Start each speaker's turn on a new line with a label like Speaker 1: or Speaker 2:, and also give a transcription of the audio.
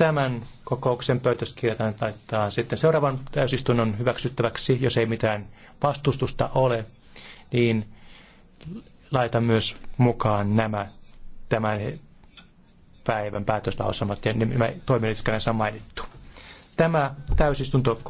Speaker 1: tämän kokouksen pöytäskirjaan taittaa sitten seuraavan täysistunnon hyväksyttäväksi, jos ei mitään vastustusta ole, niin laita myös mukaan nämä tämän päivän päätöslausamat ja nämä niin toimenpiteet, jotka on mainittu. Tämä täysistunto